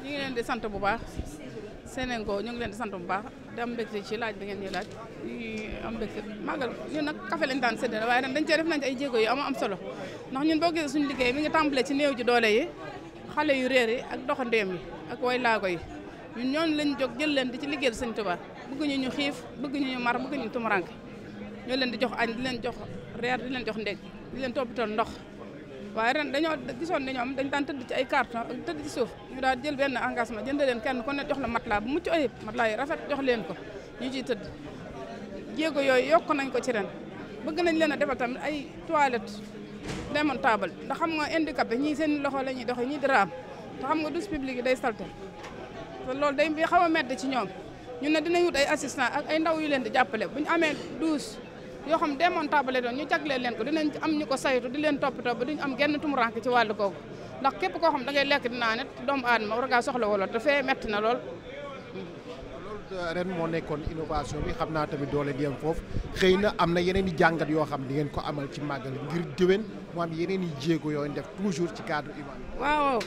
ñu ngi leen di sant bu baax Sénégal ñu ngi leen di sant bu baax di am mbégte ci laaj bi ngeen ñi laaj am mbégte màggal ñun nag café lañ daan séddale waaye ren dañ cee def nañ ay jéego yu am am solo ndax ñu boo gisee suñu liggéey mi ngi tàmbalee ci néew ji doole yi xale yu reer yi ak doxandéem yi ak way laago yi ñun ñooñu lañ jox jël leen di ci liggéeyal Sëñ Tuubaa bëgguñu ñu ñu xiif bëgguñu ñu mar bëgguñu tumuranke ñoo leen di jox añ di leen jox reer di leen jox ndékki di leen toppatoon ndox waaye ren dañoo gisoon ne ñoom dañ daan tëdd ci ay carton ak tëdd ci suuf ñu daal jël benn engagement jënd leen kenn ku ne jox la matelas bu mucc ayib matelas yi rafet jox leen ko ñu ji tëdd jéego yooyu yokk nañ ko ci ren bëgg nañ leen a defal tamit ay toilette démontable ndax xam nga handicapé ñii seen loxo la ñuy doxee ñii daraam te xam nga douche publique day salte te loolu day xaw a medd ci ñoom ñu ne dinañ wut ay assistant ak ay ndaw yu leen di jàppale bu ñu amee douche yoo xam démontable lay doon ñu jagleel leen ko dinañ am ñu ko saytu di leen toppatoo ba duñ am genn tumurank ci wàllu googu ndax képp koo xam da ngay lekk dinaa net doomu aadama war ngaa wala metti na lool moo nekkoon innovation bi xam naa tamit doole di am foofu xëy na am na yeneen i jàngat yoo xam di ko amal ci màggal ngir déwén mu am yeneen i jéego yoo def toujours ci cadre humain. waaw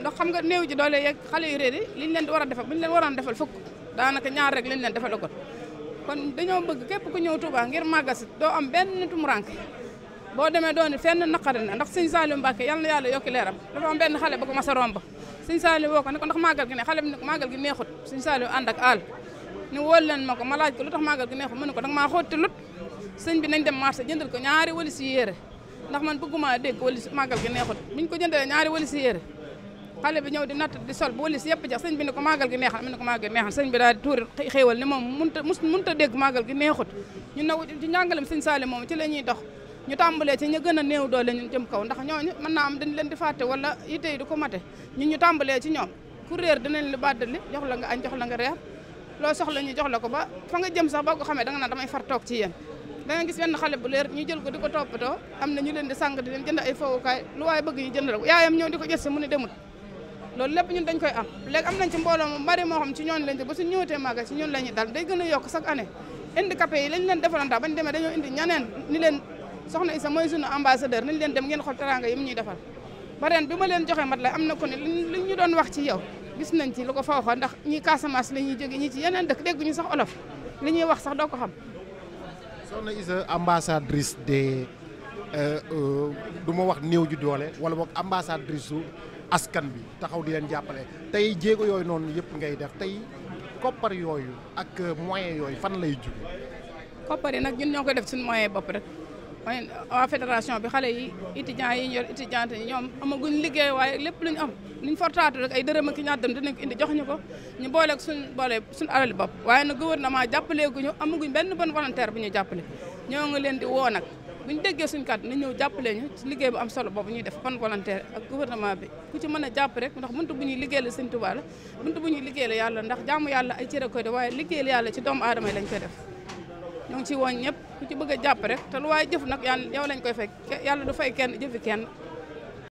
ndax xam nga new ji doole yeeg xale yu réer yi liñ leen di war a defal buñ leen waroon defal fukk daanaka ñaar rek liñ leen defal ko kon dañoo bëgg képp ku ñëw Touba ngir màggal si doo am benn tumuranke boo demee dooni fenn naqari na ndax sëñ Saliou Mbacke yal na yàlla yokki leeram dafa am benn xale ba ko mas a romb sëñ Saliou woo ko ne ko ndax màggal gi ne xale bi ne ko gi neexut sëñ Saliou ànd ak ni wóol leen ma ko ma laaj ko lu tax màggal gi neexut mu ne ko danga maa xóotti lut sëñ nañ de marché jëndal ko ñaari walis yi yére ndax man de dégg walis màggal gi neexut buñ ko jëndalee ñaari walis yére xale bi ñëw di natt di sol boo lis yëpp jax sëñ bi ne ko màggal gi neexal mu ne ko màggal gi neexal sëñ bi daal di tuuri xéewal ni moom munta munta dégg màggal gi neexut ñun nag ci njàngalem sëñ Saali moom ci la ñuy dox ñu tàmbalee ci ñu gën a néew doole ñun jëm kaw ndax ñooñu mën naa am dañ leen di fàtte wala yitte yi du ko mate ñun ñu tàmbalee ci ñoom ku réer dinañ li bàddali jox la nga añ jox la nga reer loo soxla ñu jox la ko ba fa nga jëm sax boo ko xamee da nga naan damay far toog ci yéen da nga gis benn xale bu leer ñu jël ko di ko toppatoo am na ñu leen di sàng di leen jënd ay fowukaay lu waaye bëgg ñu jënd la ko yaayam ñëw di ko jël si mu ne demut loolu lépp ñun dañ koy am léegi am nañ ci mbooloo mu bari moo xam ci ñoon lañ ba su ñëwatee màggal ci ñun la ñuy dal day gën a yokk chaque année handicapé yi lañ leen defaroon daal bañ demee dañoo indi ñaneen ni leen soxna Issa mooy sunu ambassadeur nañ leen dem ngeen xool teranga yi mu ñuy defal ba ren bi ma leen joxee mat lay am na ko ne li ñu doon wax ci yow gis nañ ci lu ko fa waxoon ndax ñi Casamance la ñuy jóge ñi ci yeneen dëkk dégguñu ñu olof li ñuy wax sax doo ko xam soxna Issa ambassadrice des euh, euh, du ma wax néew ju doole wala boog ambassadrice su askan bi taxaw di leen jàppale tey jéego yooyu noonu yëpp ngay def tey koppar yooyu ak euh, moyen yooyu fan lay jóge koppar yi nag ñun ñoo ko def suñu moyen bopp rek mooy fédération bi xale yi étudiants yi ñu yor étudiante yi ñoom amaguñ liggéey waaye lépp lu ñu am lu ñu fortaatu rek ay dërëm ak ñaar dërëm dinañ ko indi jox ñu ko ñu booleeg suñ boole suñ alali bopp waaye nag gouvernement jàppaleeguñu amaguñ benn bonne volontaire bu ñu jàppale ñoo nga leen di woo nag bu ñu déggee suñu kàddu na ñëw jàppale ñu ci liggéey bu am solo boobu ñuy def pan volontaire ak gouvernement bi ku ci mën a jàpp ndax buntu bu ñuy liggéey la Sëñ Tuubaa la buntu bu ñuy liggéey la yàlla ndax jaamu yàlla ay cere koy def waaye liggéeyal yàlla ci doomu aadama yi lañ koy def ñoo ci woon ñëpp ku ci bëgg a jàpp rek te lu waaye jëf nag yàlla yow lañ koy fekk yàlla du fay kenn jëfi kenn